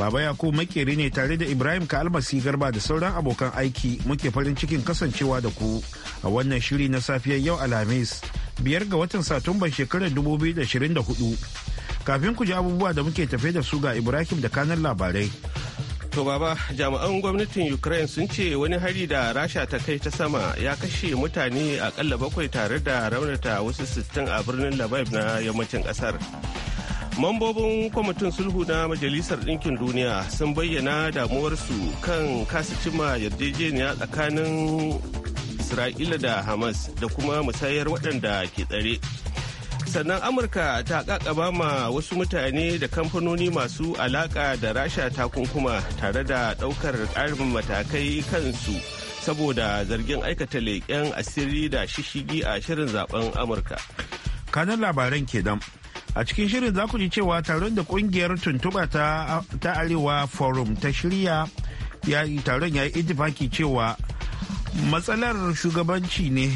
Baba Yakubu makeri ne tare da Ibrahim ka almasi Garba da sauran abokan aiki muke farin cikin kasancewa da ku a wannan shiri na safiyar yau Alhamis biyar ga watan Satumban shekarar 2024. Kafin ku ji abubuwa da muke tafe da su ga Ibrahim da kanan labarai. To baba jami'an gwamnatin Ukraine sun ce wani hari da Rasha ta kai ta sama ya kashe mutane akalla bakwai tare da raunata wasu sittin a birnin Lviv na yammacin kasar. Mambobin kwamitin sulhu na Majalisar Ɗinkin Duniya sun bayyana damuwarsu kan kasa cima yarjejeniya tsakanin Isra'ila da Hamas da kuma musayar waɗanda ke tsare. sannan amurka ta ƙaƙabama ma wasu mutane da kamfanoni masu alaƙa da rasha takunkuma tare da ɗaukar ƙarin matakai kansu saboda zargin aikata leƙen asiri da shishigi a shirin zaben amurka kanan labaran ke kenan a cikin shirin za ku ji cewa taron da kungiyar tuntuba ta arewa forum ta shirya taron ya yi itifaki cewa matsalar shugabanci ne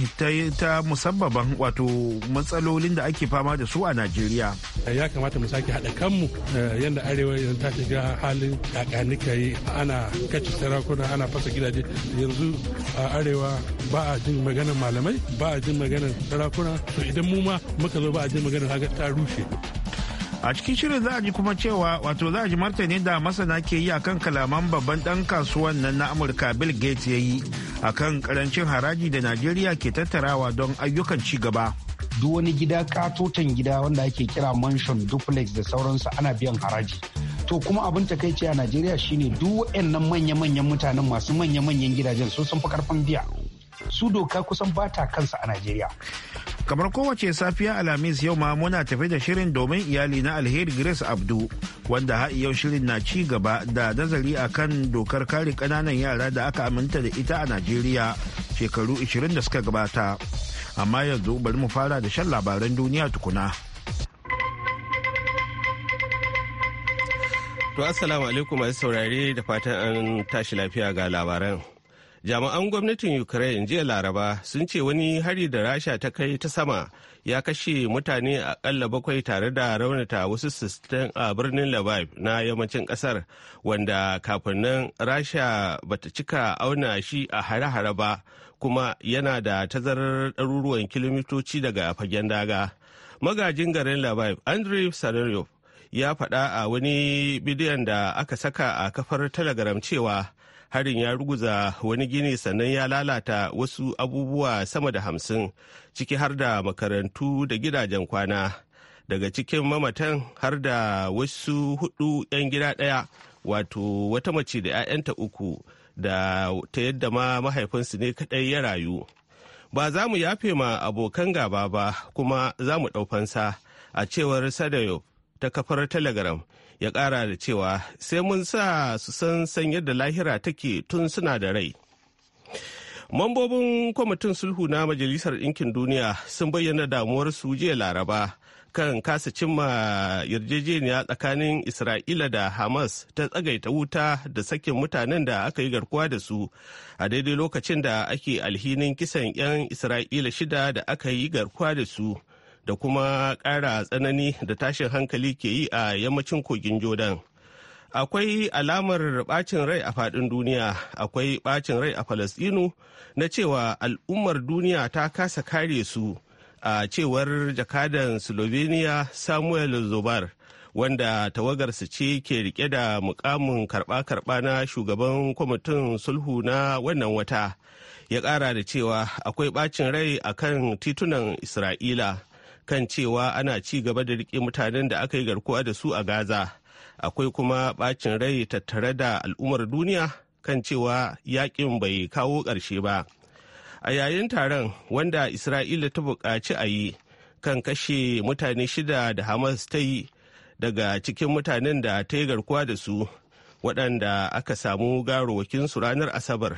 ta musabbaban wato matsalolin da ake fama da su a najeriya ya kamata mu sake haɗa kanmu eh, yadda arewa yanzu ta shiga halin kakanika yi ana kaci sarakuna ana fasa gidaje yanzu a arewa ba a jin maganar malamai ba a jin maganar sarakuna to idan mu ma muka zo ba a jin maganar haka ta rushe a cikin shirin za a ji kuma cewa wato za a ji martani da masana ke yi akan kalaman babban dan kasuwan nan na amurka bill gates ya yi akan karancin haraji da najeriya ke tattarawa don ayyukan ci gaba duk wani gida katotan gida wanda ake kira mansion duplex da sauransu ana biyan haraji to kuma abin takaici a najeriya shine duk waɗannan manya-manyan mutanen masu manya-manyan gidajen su sun fi karfin biya su doka kusan bata kansa a najeriya kamar kowace safiya alhamis yau ma muna tafi da shirin domin iyali na alheri grace abdu wanda ha yau shirin na ci gaba da nazari akan dokar kare kananan yara da aka aminta da ita a najeriya shekaru 20 da suka gabata amma yanzu bari mu fara da shan labaran duniya tukuna to assalamu alaikum masu saurare da fatan an tashi lafiya ga labaran jami'an gwamnatin ukraine jiya laraba sun ce wani hari da rasha ta kai ta sama ya kashe mutane akalla bakwai tare da raunata wasu sistan a birnin lviv na yammacin kasar wanda kafin nan rasha bata cika auna shi a hare-hare ba kuma yana da tazarar ɗaruruwan kilomitoci daga fagen daga magajin garin lviv andrew sanaryov ya faɗa a wani bidiyon da aka saka a kafar telegram cewa harin ya ruguza wani gini sannan ya lalata wasu abubuwa sama da hamsin ciki har da makarantu da gidajen kwana daga cikin mamatan har da wasu hudu 'yan gida ɗaya wato wata mace da 'ya'yanta uku da ta yadda ma mahaifinsu ne kadai ya rayu ba za mu yafe ma abokan gaba ba kuma za mu ɗaufansa a cewar sadayo ta kafar telegram ya ƙara da cewa sai mun sa su san san yadda lahira take tun suna da rai mambobin kwamitin sulhu na majalisar ɗinkin duniya sun bayyana damuwarsu jiya laraba kan kasa cimma yarjejeniya tsakanin isra'ila da hamas ta tsagaita wuta da sakin mutanen da aka yi garkuwa da su a daidai lokacin da ake alhinin kisan 'yan isra'ila shida da aka yi garkuwa da su da kuma ƙara tsanani da tashin hankali ke yi a yammacin kogin jordan akwai alamar bacin rai a faɗin duniya akwai bacin rai a Falasdino na cewa al'ummar duniya ta kasa kare su a cewar jakadan slovenia samuel zobar wanda tawagarsa ce ke rike da mukamin karba-karba na shugaban kwamitin sulhu na wannan wata ya ƙara da cewa akwai bacin rai akan titunan isra'ila kan cewa ana ci gaba da riƙe mutanen da aka yi garkuwa da su a gaza akwai kuma bacin rai tattare da al'ummar duniya kan cewa yakin bai kawo ƙarshe ba a yayin taron wanda isra'ila ta buƙaci a yi kan kashe mutane shida da hamas ta yi daga cikin mutanen da ta yi garkuwa da su waɗanda aka samu garowakinsu ranar asabar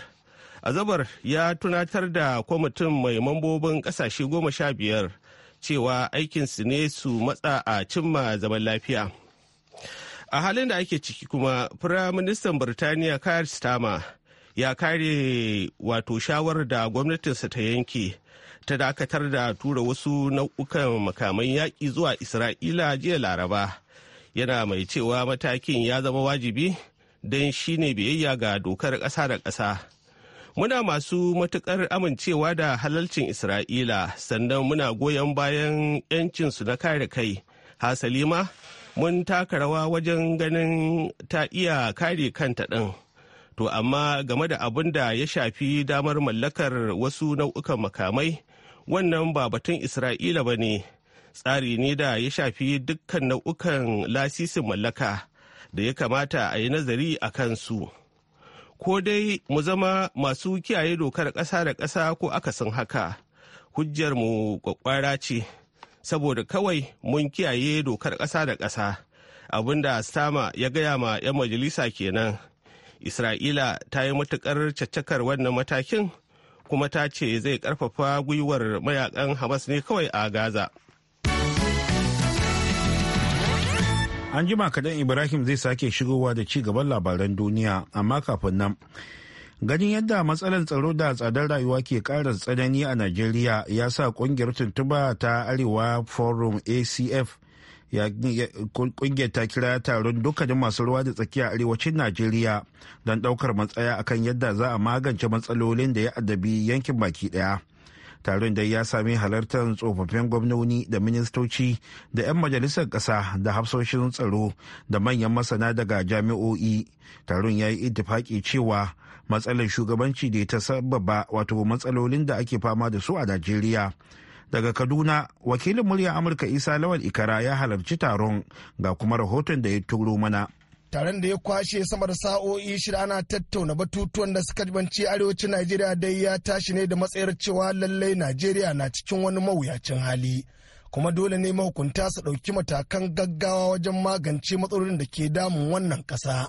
azabar ya tunatar da kwamitin mai mambobin ƙasashe goma sha biyar cewa aikinsu ne su matsa a cimma zaman lafiya. A halin da ake ciki kuma, Firaministan Birtaniya Kayar Starmer ya kare wato shawarar da gwamnatinsa ta yanke ta dakatar da tura wasu nau'ukan makaman yaƙi zuwa Isra'ila jiya Laraba. Yana mai cewa matakin ya zama wajibi don shi ne biyayya ga dokar ƙasa da ƙasa. Muna masu matukar amincewa da halalcin Isra'ila sannan muna goyon bayan 'yancinsu na kare kai. Hasali ma mun taka rawa wajen ganin ta iya kare kanta ɗin. To amma game da abin da ya shafi damar mallakar wasu nau'ukan makamai, wannan ba batun Isra'ila ba ne. tsari ne da ya shafi dukkan nau'ukan lasisin mallaka da ya kamata a yi nazari a kansu. ko dai mu zama masu kiyaye dokar ƙasa da ƙasa ko akasin haka hujjar mu kwakwara ce saboda kawai mun kiyaye dokar ƙasa da ƙasa abinda stama ya gaya ma 'yan majalisa kenan isra'ila ta yi matukar caccakar wannan matakin kuma ta ce zai karfafa gwiwar mayakan hamas ne kawai a gaza An jima kadan Ibrahim zai sake shigowa da ci gaban labaran duniya amma kafin nan. Ganin yadda matsalar tsaro da tsadar rayuwa ke kara tsanani a Najeriya ya sa kungiyar tuntuba ta Arewa Forum ACF kungiyar ta kira taron dukkanin masu ruwa da tsakiya arewacin najeriya don daukar matsaya akan yadda za a magance matsalolin da ya adabi yankin baki daya taron da ya sami halartar tsofaffin gwamnoni da ministoci da 'yan majalisar ƙasa da hafsoshin tsaro da manyan masana daga jami'o'i taron ya yi itifaki cewa matsalar shugabanci da ta sababa wato matsalolin da ake fama da su a najeriya daga kaduna wakilin murya amurka isa lawal ikara ya halarci taron ga kuma rahoton da ya turo mana taron da ya kwashe sama da sa'o'i shida ana tattauna batutuwan da suka banci arewacin najeriya dai ya tashi ne da matsayar cewa lallai najeriya na cikin wani mawuyacin hali kuma dole ne mahukunta su ɗauki matakan gaggawa wajen magance matsalolin da ke damun wannan ƙasa.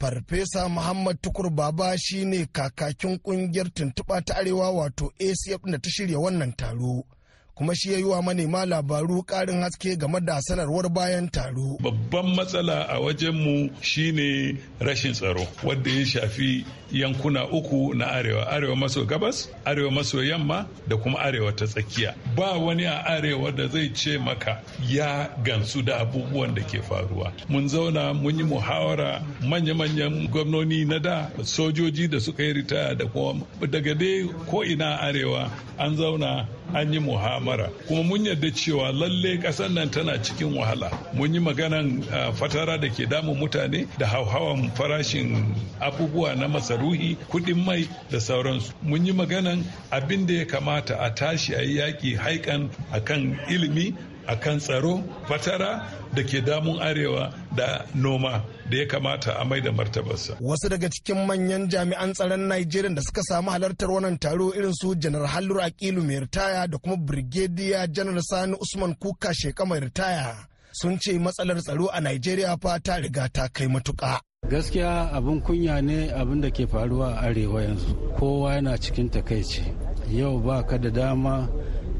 farfesa muhammad tukur baba shine kakakin kungiyar tuntuɓa ta arewa wato acf da ta shirya wannan taro kuma shi ya yi wa manema labaru karin haske game da sanarwar bayan taro. Babban matsala a wajenmu shine rashin tsaro wadda ya shafi yankuna uku na arewa arewa maso gabas arewa maso yamma da kuma arewa ta tsakiya ba wani a arewa da zai ce maka ya gansu da abubuwan da ke faruwa mun zauna mun yi muhawara manya-manyan gwamnoni na da sojoji da suka yi ritaya da kuma daga dai ko ina arewa an zauna an yi muhawara mara kuma mun yarda cewa lalle ƙasar nan tana cikin wahala mun yi maganan fatara da ke damun mutane da hauhawan farashin abubuwa na masaruhi kuɗin mai da sauransu mun yi maganan abin da ya kamata a tashi a yi yaƙi haikan akan ilimi a kan tsaro fatara da ke damun arewa da noma da ya kamata a mai da martabarsa. Wasu daga cikin manyan jami'an tsaron Najeriya da suka samu halartar wannan taro irin su Janar Hallur Akilu mai ritaya da kuma Birgediya Janar Sani Usman Kuka Sheka mai ritaya sun ce matsalar tsaro a Najeriya fa ta riga ta kai matuƙa. Gaskiya abin kunya ne abin da ke faruwa a arewa yanzu. Kowa yana cikin takaici. Yau ba ka da dama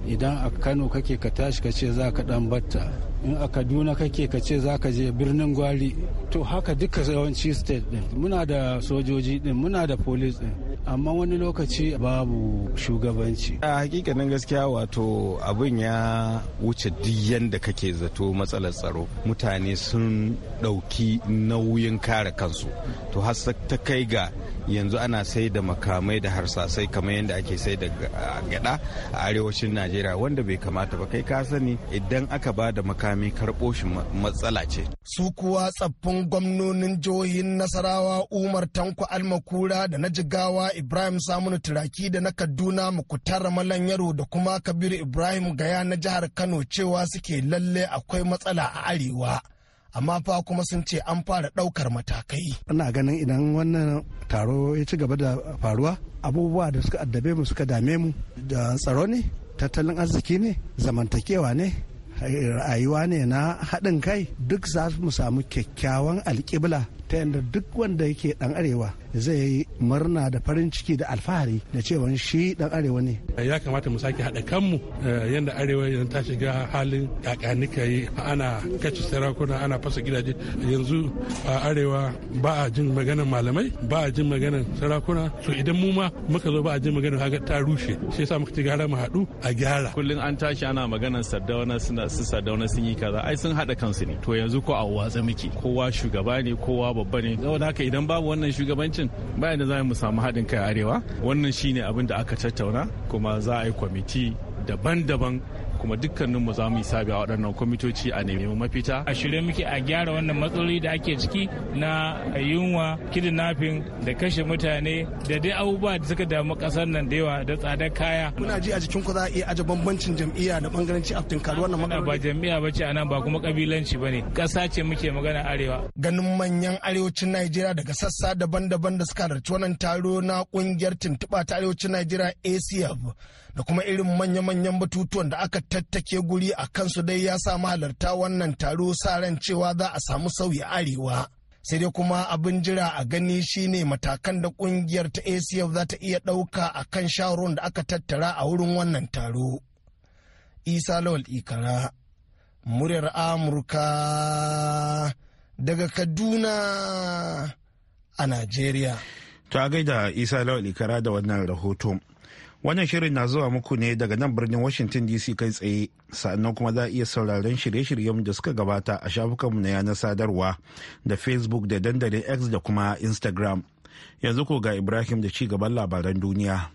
idan a kano kake ka tashi ka ce za ka dan batta in a kaduna kake ka ce za ka je birnin gwari to haka duka yawanci state din muna da sojoji din muna da police din amma wani lokaci babu shugabanci a hakikanin gaskiya wato abin ya wuce duk yadda kake zato matsalar tsaro mutane sun ɗauki nauyin kare kansu to har ta kai ga yanzu ana sai da makamai da harsasai kamar yadda ake sai da gada a arewacin najeriya wanda bai kamata ba kai ka sani idan aka ba da makami karɓo shi matsala ce su kuwa tsaffin gwamnonin jihohin nasarawa umar tanko almakura da na jigawa ibrahim samunu turaki da na kaduna mukutar malan yaro da kuma kabiru ibrahim gaya na jihar kano cewa suke lalle akwai matsala a arewa amma fa kuma sun ce an fara ɗaukar matakai. Ina ganin idan wannan taro ya ci gaba da faruwa abubuwa da suka addabe mu suka dame mu da tsaro ne tattalin arziki ne zamantakewa ne rayuwa ne na haɗin kai duk za mu samu kyakkyawan alƙibla ta yadda duk wanda yake ɗan arewa zai yi murna da farin ciki da alfahari da cewa shi dan arewa ne ya kamata mu sake haɗa kanmu eh, yadda arewa yanzu ta shiga halin kakanika yi ana kaci sarakuna ana fasa gidaje yanzu a arewa ba a jin maganar malamai ba a jin maganar sarakuna to idan mu ma muka zo ba a jin maganar ta rushe shi yasa muka ci gara mu haɗu a gyara kullum an tashi ana maganan saddauna suna su sadauna sun yi kaza ai sun haɗa kansu ne to yanzu ko a watsa muke kowa shugaba ne kowa babba ne saboda haka idan babu wannan shugabancin ba da za mu samu haɗin kai arewa wannan shine abin da aka tattauna kuma za a yi kwamiti daban-daban kuma dukkaninmu za mu yi sabi a waɗannan kwamitoci a nemi mafita a shirye muke a gyara wannan matsaloli da ake ciki na yunwa kidnapping da kashe mutane da dai abubuwa da suka damu ƙasar nan da yawa da tsadar kaya kuna ji a jikin ku za a iya aje bambancin jam'iyya da bangaranci a tunkar wannan matsaloli ba jam'iyya ba ce nan ba kuma kabilanci ba ne ƙasa ce muke magana arewa ganin manyan arewacin najeriya daga sassa daban-daban da suka halarci wannan taro na ƙungiyar tuntuɓa ta arewacin najeriya acf da kuma irin manya-manyan batutuwan da aka tattake guri a kansu dai ya sa mahalarta wannan taro sa ran cewa za a samu sauyi arewa sai dai kuma abin jira a gani shine matakan da kungiyar ta acf za ta iya ɗauka a kan da aka tattara a wurin wannan taro isa lawal ikara muryar amurka daga kaduna a najeriya to a gaida isa lawal ikara da wannan rahoton Wannan shirin na zuwa muku ne daga nan birnin Washington DC kai tsaye, sannan kuma za a iya sauraron shirye-shiryen da suka gabata a shafukanmu na yanar sadarwa da Facebook da dandalin X da kuma Instagram. Yanzu ko ga Ibrahim da ci gaban labaran duniya.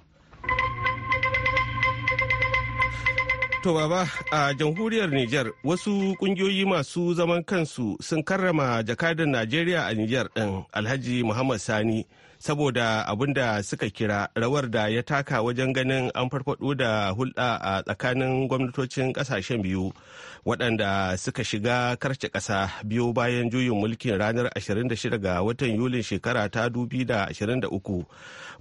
To baba a jamhuriyar Nijar wasu kungiyoyi masu zaman kansu sun karrama jakadar Najeriya a Nijar ɗin Alhaji Muhammad Sani. saboda abin da suka kira rawar da ya taka wajen ganin an farfado da hulɗa a tsakanin gwamnatocin ƙasashen biyu waɗanda suka shiga karce ƙasa biyu bayan juyin mulkin ranar 26 ga watan yulin shekara ta 2023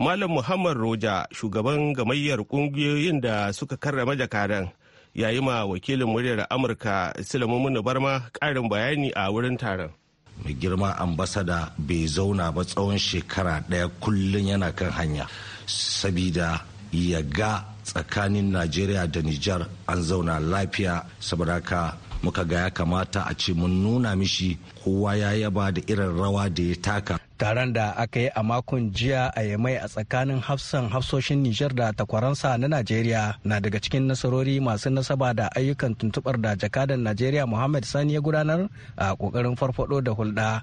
malam muhammad roja shugaban gamayyar ƙungiyoyin da suka karrama jakadan yayi ma wakilin muryar amurka silamu barma ƙarin bayani a wurin taron mai girma ambasada bai zauna ba tsawon shekara ɗaya kullum yana kan hanya sabida ya ga tsakanin najeriya da nijar an zauna lafiya saboda ka muka ga ya kamata a ce mun nuna mishi kowa ya yaba da irin rawa da ya taka taron da aka yi a makon jiya a yamai a tsakanin hafsan hafsoshin nijar da takwaransa na najeriya na daga cikin nasarori masu nasaba da ayyukan tuntubar da jakadan najeriya muhammad sani ya gudanar a kokarin farfado da hulɗa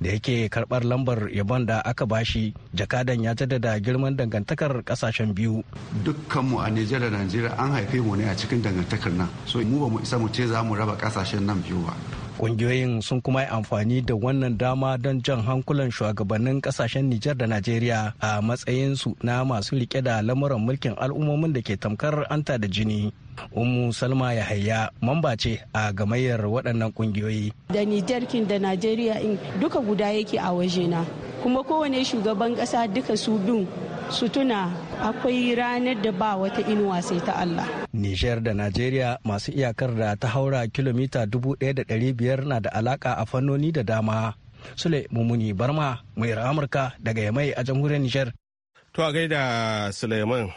da yake karbar lambar yabon da aka bashi jakadan ya jaddada girman dangantakar kasashen biyu dukkan mu a nijar da najeriya an haife mu ne a cikin dangantakar nan so mu ba mu isa mu ce za mu raba kasashen nan biyu ba Ƙungiyoyin sun kuma yi amfani da wannan dama don jan hankulan shugabannin ƙasashen Nijar da Najeriya a matsayin su na masu rike da lamuran mulkin al'ummomin da ke tamkar anta da jini. Ummu Salma Yahaya mamba ce a gamayyar waɗannan ƙungiyoyi. Da Nijar kin da Najeriya in duka guda yake a waje na Kuma kowane shugaban ƙasa duka su bin su tuna akwai ranar da ba wata inuwa sai ta Allah. Nijar da Najeriya masu iyakar da ta haura kilomita biyar na da alaka a fannoni da dama. Sule Mumuni Barma, mai Amurka daga Yamai a jamhuriyar Nijar. To a gaida Suleiman.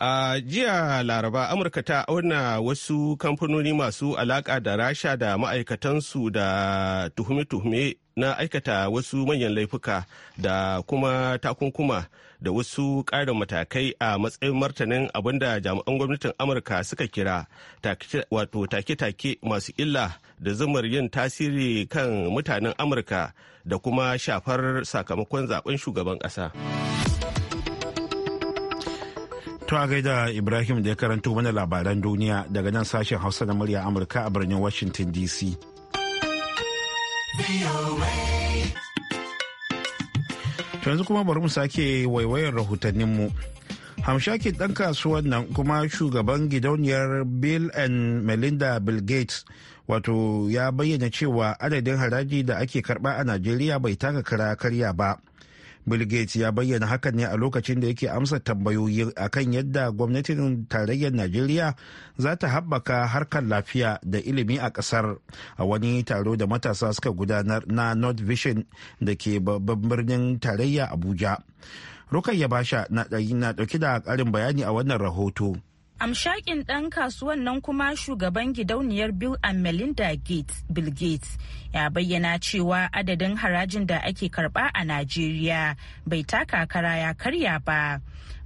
A jiya Laraba Amurka ta auna wasu kamfanoni masu alaka da rasha da ma'aikatansu da tuhume-tuhume na aikata wasu manyan laifuka da kuma takunkuma da wasu ƙarin matakai a matsayin martanin da jami'an gwamnatin amurka suka kira wato take-take masu illa da zumar yin tasiri kan mutanen amurka da kuma shafar sakamakon zaben shugaban ƙasa. To a gaida Ibrahim da ya karanto mana labaran duniya daga nan sashen Hausa na murya Amurka a birnin Washington DC. yanzu kuma bari mu sake waiwayar mu hamshaki ɗan kasuwan nan kuma shugaban gidauniyar bill and melinda bill gates wato ya bayyana cewa adadin haraji da ake karba a najeriya bai taka kara karya ba bill gates ya bayyana hakan ne a lokacin da yake amsa tambayoyi akan yadda gwamnatin tarayyar najeriya za ta haɓaka harkar lafiya da ilimi a ƙasar a wani taro da matasa suka gudanar na north vision da ke babban birnin tarayya abuja rukayya basha na ɗauki da ƙarin bayani a wannan rahoto amshakin ɗan kasuwan nan kuma shugaban gidauniyar bill and melinda gates bill gates ya bayyana cewa adadin harajin da ake karba a najeriya bai taka kara ya karya ba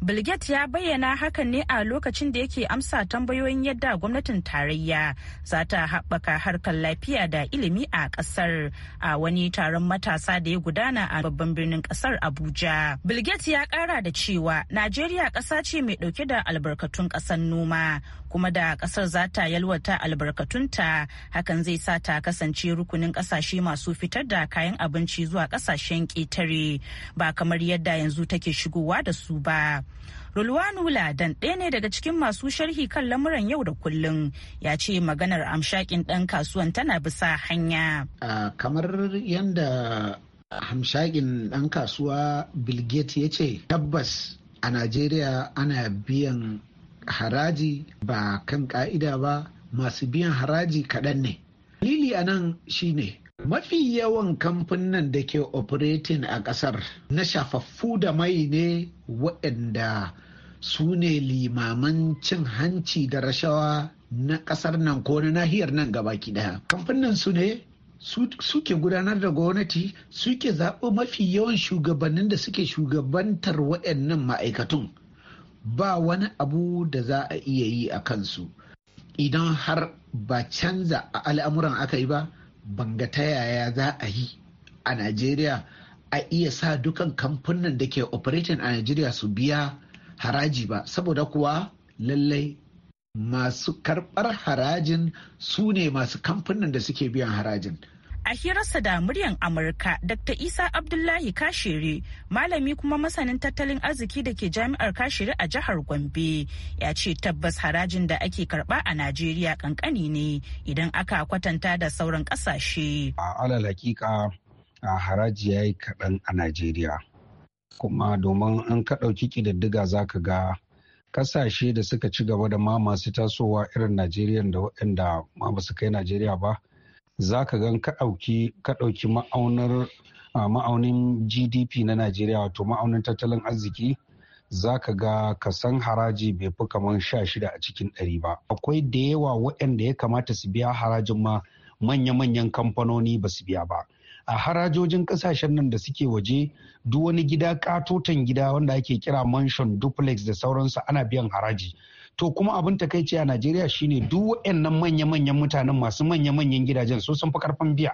bill gates ya bayyana hakan ne a lokacin da yake amsa tambayoyin yadda gwamnatin tarayya za ta haɓaka harkar lafiya da ilimi a ƙasar a wani taron matasa da ya gudana a babban birnin ƙasar abuja bill gates ya ƙara da cewa najeriya ƙasa ce mai ɗauke da albarkatun ƙasar kasan noma kuma da kasar za ta yalwata albarkatunta hakan zai sa ta kasance rukunin kasashe masu fitar da kayan abinci zuwa kasashen ƙetare ba kamar yadda yanzu take shigowa da su ba. Rulwanu Ladan ɗaya ne daga cikin masu sharhi kan lamuran yau da kullun ya ce maganar amshakin ɗan kasuwan tana bisa hanya. kamar yadda hamshakin ɗan kasuwa Bill Gates ya ce tabbas a Najeriya ana biyan haraji ba kan ka'ida ba masu biyan haraji kaɗan ne dalili a nan ne. mafi yawan kamfanin da ke operating a ƙasar na shafaffu da mai ne waɗanda su ne limaman cin hanci da rashawa na ƙasar nan ko na nahiyar nan gabaki ɗaya kamfanin su ne suke gudanar da gwamnati suke zaɓo mafi yawan shugabannin da suke shugabantar waɗannan ma'aikatun ba wani abu da za a iya yi a kansu idan har ba canza a al'amuran aka yi ba banga ta yaya za a yi a najeriya a iya sa dukan kamfanin da ke operating a najeriya su biya haraji ba saboda kuwa lallai masu karbar harajin su ne masu kamfanin da suke biyan harajin A hirarsa da muryan Amurka, Dr. Isa Abdullahi Kashiri, malami kuma masanin tattalin arziki da ke jami'ar Kashiri a jihar Gombe, ya ce tabbas harajin da ake karba a Najeriya kankani ne idan aka kwatanta da sauran kasashe. A alal hakika haraji ya yi kaɗan a Najeriya. Kuma domin an ka ɗauki ƙididdiga za ka ga kasashe da suka ci gaba da ma masu tasowa irin Najeriya da waɗanda ma ba su kai Najeriya ba. za ka gan ka ɗauki ma'aunin gdp na najeriya wato ma'aunin tattalin arziki za ka ga kasan haraji bai fi kamar sha shida a cikin ɗari ba akwai da yawa waɗanda ya kamata su biya harajin ma manya-manyan kamfanoni ba su biya ba a harajojin kasashen nan da suke waje duk wani gida katotan gida wanda ake kira mansion duplex da sauransu ana biyan haraji to kuma abin takaici a najeriya shine duk waɗannan manya-manyan mutanen masu manya-manyan gidajen su sun fi karfin biya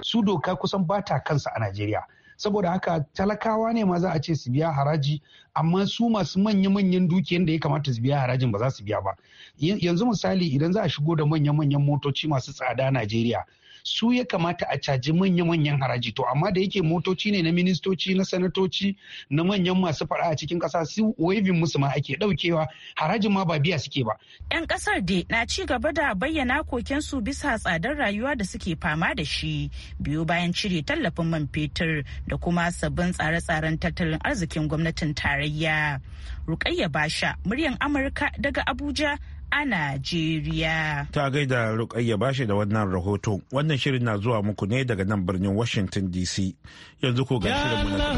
su doka kusan ba ta kansa a najeriya saboda haka talakawa ne ma za a ce su biya haraji amma su masu manya-manyan dukiyan da ya kamata su biya harajin ba za su biya ba yanzu misali idan za a shigo da manya-manyan motoci masu tsada a najeriya su ya kamata a caji manya-manyan haraji to amma da yake motoci ne na ministoci na sanatoci na manyan masu fara a cikin ƙasa su waivin musu ma ake daukewa harajin ma ba biya suke ba. 'Yan kasar dai na ci gaba da bayyana su bisa tsadar rayuwa da suke fama da shi biyu bayan cire tallafin man fetur da kuma sabbin tsare-tsaren tattalin arzikin gwamnatin tarayya. Rukayya Basha, muryan Amurka daga Abuja, a Najeriya. Ta gaida Rukayya bashi da wannan rahoto. Wannan shirin na zuwa muku ne daga nan birnin Washington DC. Yanzu ko ga shirin mu na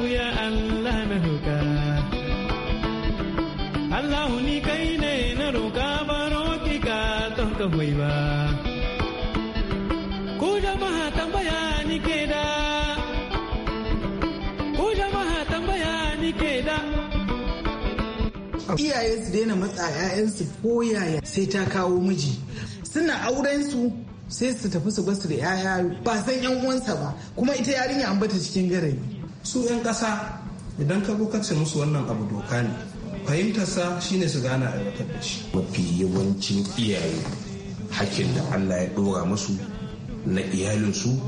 ni kai ne na roka iyaye su daina matsa 'ya'yansu ko yaya sai ta kawo miji suna auren su sai su tafi su basu da 'ya'ya ba san 'yan uwansa ba kuma ita yarinya an bata cikin garari su 'yan ƙasa idan ka bukace musu wannan abu doka ne fahimtarsa shine su gana a da shi mafi yawancin iyaye hakkin da allah ya ɗora musu na iyalinsu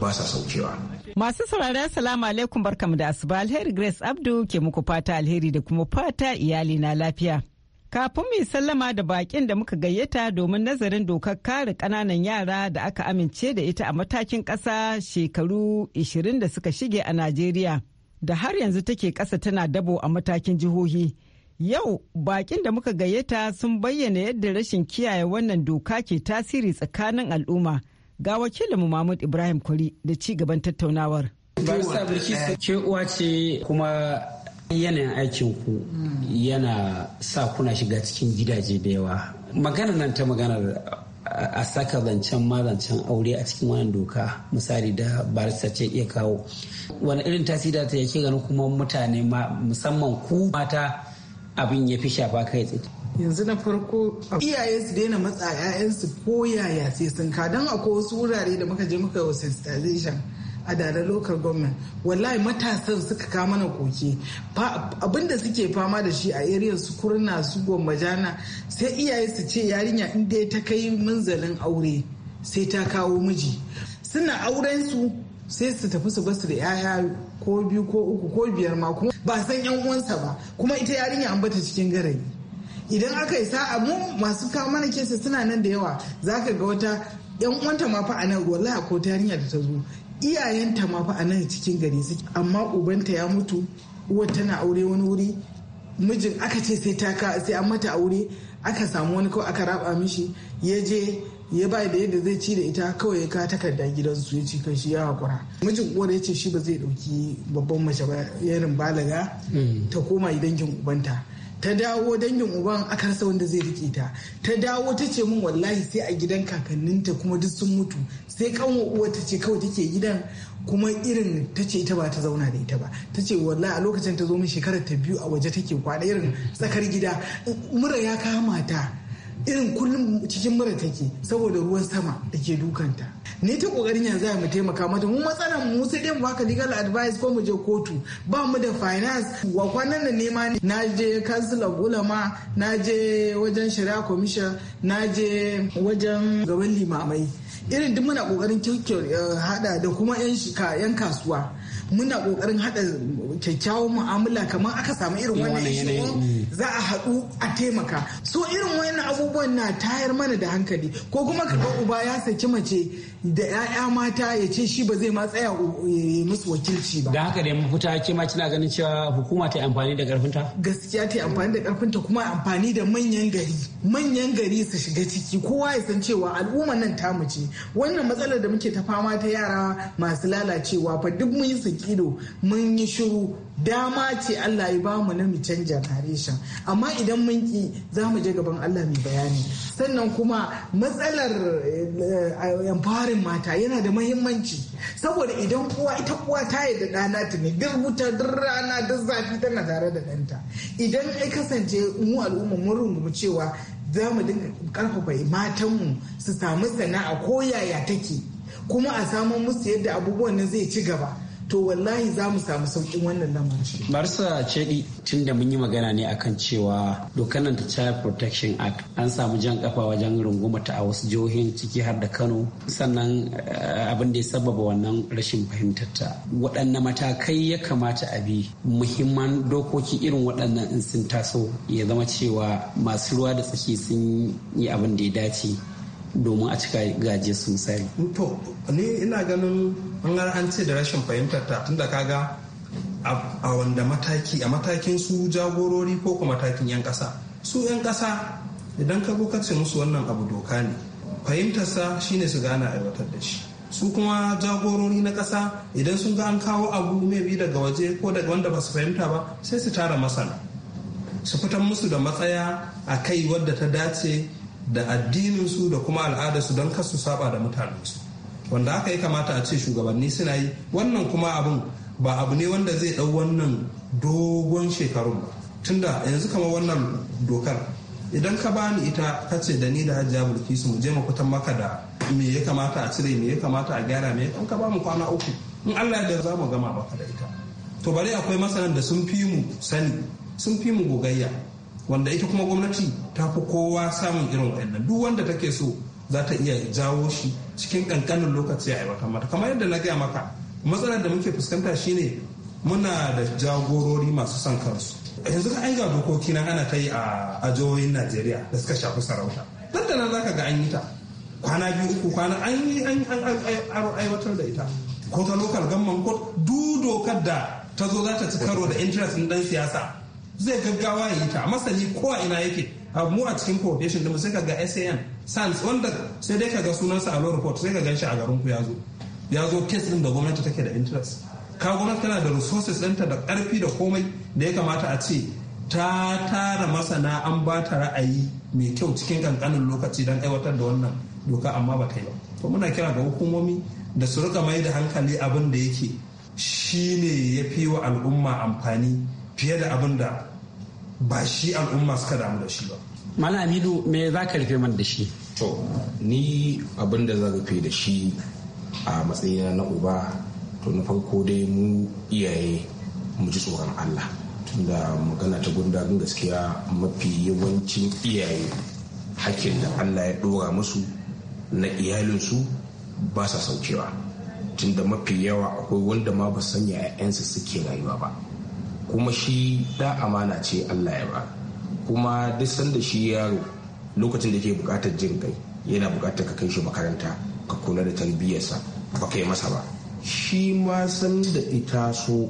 ba sa saukewa Masu saurara salamu alaikum barkamu da asuba alheri Grace Abdu ke muku fata alheri da kuma fata iyali na lafiya. Kafin mu sallama da bakin da muka gayyata domin nazarin dokar kare ƙananan yara da aka amince da ita a matakin ƙasa shekaru 20 da suka shige a Najeriya da har yanzu take ƙasa tana dabo a matakin jihohi. Yau bakin da muka gayyata sun bayyana yadda rashin kiyaye wannan doka ke tasiri tsakanin al'umma. Ga wakilinmu Mahmud Ibrahim Kwari da ci gaban tattaunawar. Barista Bilkisu ke uwa ce kuma yanayin aikin ku yana sa kuna shiga cikin gidaje da yawa. Magana nan ta maganar a saka zancen zancen aure a cikin wannan doka misali da barista ce iya kawo wani irin tasiri ta yake ganin kuma mutane musamman ku mata abin ya fi shafa kai tsaye yanzu na farko iyaye su daina matsa 'ya'yansu ko yaya sai sun ka don akwai wasu wurare da muka je muka yi sensitization a dare local government wallahi matasan suka ka mana koke da suke fama da shi a area su kurna su jana sai iyaye su ce yarinya in dai ta kai munzalin aure sai ta kawo miji suna auren su sai su tafi su basu da 'ya'ya ko biyu ko uku ko biyar ma kuma ba san yan uwansa ba kuma ita yarinya an bata cikin garayi idan aka yi sa'a mu masu kawo mana kesa suna nan da yawa za ka ga wata yan uwanta ma fa a nan wallahi ko ta yarinya da ta zo iyayenta ma fa a nan cikin gari suke amma ubanta ya mutu uwar tana aure wani wuri mijin aka ce sai ta sai an mata aure aka samu wani kawai aka raba mishi ya je ya bai da yadda zai ci da ita kawai ya ka takarda gidansu ya ci kan shi ya hakura mijin uwar ya ce shi ba zai dauki babban mace ba yarin balaga mm. ta koma dangin ubanta ta dawo dangin uban aka rasa wanda zai rike ta ta dawo ta ce min wallahi sai a gidan kakanninta kuma duk sun mutu sai kanwa uwa ta ce kawai take gidan kuma irin ta ce ita ba ta zauna da ita ba ta ce wallahi a lokacin ta zo min shekarar ta biyu a waje take kwana irin tsakar gida mura ya kama ta irin kullum cikin mura take saboda ruwan sama da ke dukanta ne ta kokarin yanzu mu taimaka mata mu matsala mu sai dai mu baka legal advice ko mu je kotu ba mu da finance wa kwanan da nema ne na je council of ulama na je wajen shari'a commission na je wajen gaban limamai irin duk muna kokarin eh, hada da kuma yan kasuwa muna kokarin hada kyakkyawan mu'amala kamar aka samu irin wannan yanayin oh, za a haɗu a taimaka so irin wannan abubuwan na tayar mana da hankali ko kuma ka uba ya saki mace da ƴaƴa mata ya ce shi ba zai ma tsaya musu wakilci ba da haka dai fita ke ma kina ganin cewa hukuma ta amfani da karfinta gaskiya ta amfani da karfinta kuma amfani da manyan gari manyan gari su shiga ciki kowa ya san cewa al'umma nan ta mace wannan matsalar da muke ta fama ta yara masu lalacewa fa duk mun yi ido mun yi shiru dama ce Allah ya ba mu na mu canja amma idan mun ki za mu je gaban Allah mai bayani sannan kuma matsalar yamfarin eh, mata yana da mahimmanci saboda idan kuwa ita uwa ta yi da ɗana ta ne duk wuta duk rana duk zafi tana tare da ɗanta idan ya kasance mu al'umma mun rungumi cewa za mu dinga karfafa matanmu su samu sana'a ko yaya take kuma a samu musu yadda abubuwan nan zai ci gaba to wallahi za mu samu sauƙin wannan lamarin. Barsa Cedi tun da mun yi magana ne akan cewa dokar nan ta Child Protection Act an samu jan kafa wajen runguma ta a wasu jihohin ciki har da Kano sannan eh, abin da ya sababa wannan rashin fahimtarta. Waɗanne matakai ya kamata a bi muhimman dokoki irin waɗannan in sun taso ya zama cewa masu ruwa da tsaki sun yi abin da ya dace domin a cika gaje su misali. To, ni ina ganin an an ce da rashin fahimtar ta tunda kaga a wanda mataki a matakin su jagorori ko kuma matakin 'yan kasa Su 'yan kasa idan ka ka ce musu wannan abu doka ne fahimtarsa shine su gana aiwatar da shi. su kuma jagorori na kasa idan sun ga an kawo abu bi daga waje ko daga wanda ba su fahimta ba sai su tara masana su fitar musu da matsaya a kai wadda ta dace da addininsu da kuma al'adarsu don kasu saba da mutanensu wanda aka yi kamata a ce shugabanni suna yi wannan kuma abin ba abu ne wanda zai ɗau wannan dogon shekarun ba tunda yanzu kamar wannan dokar idan ka bani ita ka ce da ni da hajji bulkisu mu je mu fitan maka da me ya kamata a cire me ya kamata a gyara me in ka bamu kwana uku in Allah ya za mu gama baka da ita to bari akwai masanan da sun fi mu sani sun fi mu gogayya wanda ita kuma gwamnati ta fi kowa samun irin waɗannan duk wanda take so za ta iya jawo shi cikin kankanin lokaci a aiwatar mata kamar yadda na gaya maka matsalar da muke fuskanta shine muna da jagorori masu son kansu yanzu ka ai ga dokoki nan ana ta yi a jihohin najeriya da suka shafi sarauta nan da za ka ga an yi ta kwana biyu uku kwana an yi an aiwatar da ita ko ta lokal gamman ko dokar da ta zo za ta ci karo da interest din dan siyasa zai gaggawa ya yi ta masani ko a ina yake mu a cikin coordination din sai ka ga SAN SANS wanda sai dai ka ga sunansa a law report sai ka gan shi a garin ku yazo yazo ya zo case din da gwamnati take da interest ka gwamnati tana da resources ɗinta da ƙarfi da komai da ya kamata a ce ta tara masana an ba ta ra'ayi mai kyau cikin kankanin lokaci don aiwatar da wannan doka amma ba ta yi ba to muna kira ga hukumomi da su rika mai da hankali abin da yake shi ne ya fi wa al'umma amfani fiye da abin da ba shi al'umma suka damu da shi ba Malam Aminu me za ka rufe man da shi? To, ni abin da zan rufe da shi a matsayina na uba to na farko dai mu iyaye mu ji tsoron Allah. Tunda magana ta gundarin gaskiya mafi yawancin iyaye hakkin da Allah ya ɗora musu na iyalinsu ba sa saukewa. Tunda mafi yawa akwai wanda ma ba sanya 'ya'yansu suke rayuwa ba. kuma shi da amana ce Allah ya ba kuma duk sanda shi yaro lokacin da ke bukatar jin kai yana bukatar ka kai shi makaranta ka kula da tarbiyyarsa ba kai masa ba shi ma sanda ita so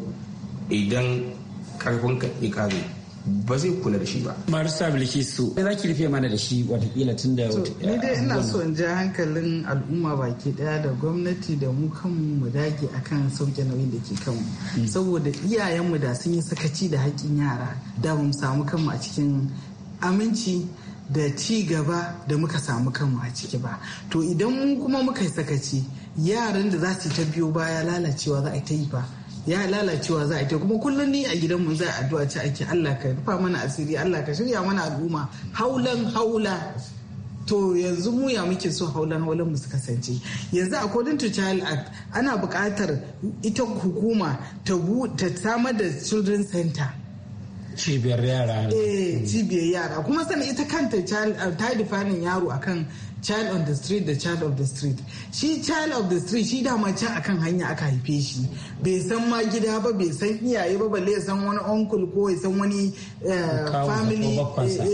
idan karfin ka kare. ba zai kula da shi ba. Marisa Bilkisu, ne za ki rufe mana da shi watakila tun da Ni dai ina so in ja hankalin al'umma baki daya da gwamnati da mu kanmu mu dage akan sauke nauyin da ke kanmu. Mm. Saboda iyayenmu da sun yi sakaci da haƙƙin yara da mu samu kanmu a cikin aminci da ci gaba da muka samu kanmu a ciki ba. To idan kuma muka yi sakaci yaran da za su ta biyo baya lalacewa za a ta yi ba. ya lalacewa za a ta kuma kullum ni a gidanmu za a addu'a ci ake Allah ka rufa mana asiri Allah ka shirya mana al'umma haulan haula to yanzu mu ya muke so haulan haulan mu su kasance yanzu a to child act ana buƙatar ita hukuma ta ta samar da children center cibiyar yara eh cibiyar yara kuma sanin ita kanta ta difanin yaro akan child on the street da child of the street shi child of the street shi dama can kan hanya aka haife shi bai san ma gida ba bai san iyaye ba balle san wani uncle ko ya san wani eh, family eh,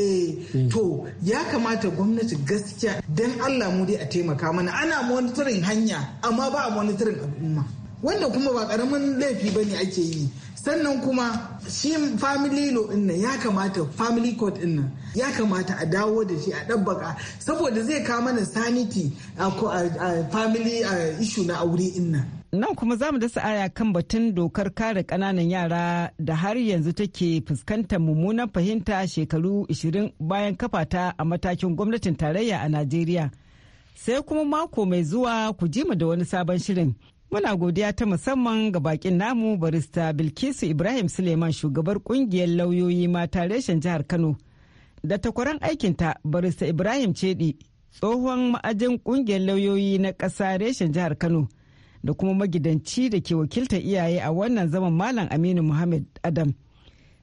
eh. to ya kamata gwamnati gaskiya don Allah mu dai a taimaka mana ana monitoring hanya amma ba a monitoring al'umma wanda kuma ba karamin laifi ba ne ake yi sannan kuma shi family law din nan ya kamata family court din nan ya kamata a dawo da shi a ɗabbaka saboda zai kawo mana sanity a family issue na aure din nan nan kuma za mu dasa aya kan batun dokar kare kananan yara da har yanzu take fuskantar mummunan fahimta shekaru 20 bayan kafata a matakin gwamnatin tarayya a najeriya sai kuma mako mai zuwa ku ji mu da wani sabon shirin Muna godiya ta musamman ga bakin namu barista Bilkisu Ibrahim Suleiman shugabar kungiyar lauyoyi mata reshen jihar Kano. Da takwaran aikinta barista Ibrahim Cedi tsohon ma'ajin kungiyar lauyoyi na ƙasa reshen jihar Kano da kuma magidanci da ke wakilta iyaye a wannan zaman Malam Aminu Muhammad Adam.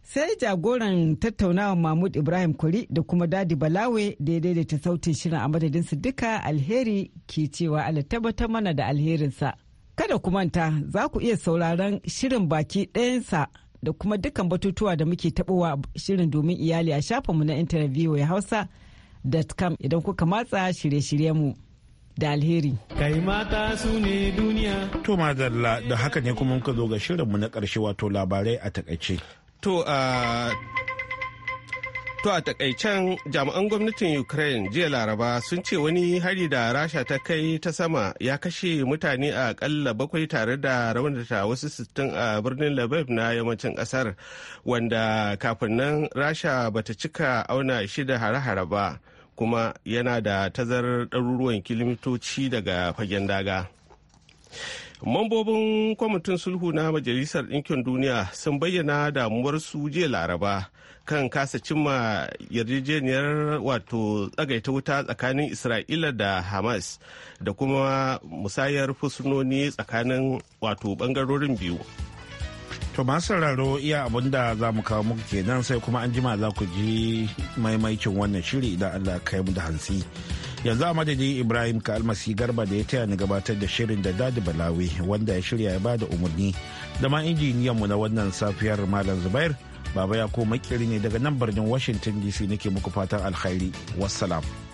Sai jagoran tattaunawa Mahmud Ibrahim Kuri da kuma Dadi Balawe daidai da ta sautin shirin a madadinsu duka alheri ke cewa ala tabbatar mana da alherinsa. Kada ku manta za ku iya sauraron shirin baki ɗayansa da kuma dukkan batutuwa da muke taɓowa shirin domin iyali a shafinmu na intanet ya com idan kuka matsa shirye-shiryenmu. da alheri. Kai mata su ne duniya. To madalla da haka ne kuma muka zo ga shirinmu na ƙarshe wato labarai a takaice. To a uh, To a takaicen jami'an gwamnatin Ukraine jiya Laraba sun ce wani hari da Rasha ta kai ta sama ya kashe mutane a akalla bakwai tare da raunata wasu sittin a birnin Lviv na yammacin kasar wanda kafin nan Rasha bata cika auna shi da hare-hare ba kuma yana da tazarar ɗaruruwan kilomitoci daga fagen daga. Mambobin kwamitin sulhu na Majalisar Ɗinkin Duniya sun bayyana damuwarsu jiya Laraba. kan kasa cimma yarjejeniyar wato tsagaita wuta tsakanin isra'ila da hamas da kuma musayar fursunoni tsakanin wato bangarorin biyu to masu sauraro iya abin da za mu kawo muku kenan sai kuma an jima za ku ji maimakin wannan shiri idan allah kai mu da hansi yanzu a madadin ibrahim ka almasi garba da ya taya ni gabatar da shirin da dadi balawi wanda ya shirya ya bada umarni da ma injiniyanmu na wannan safiyar malam zubair Baba ya ko ne daga nan birnin Washington DC nake muku fatan alkhairi. Wassalam.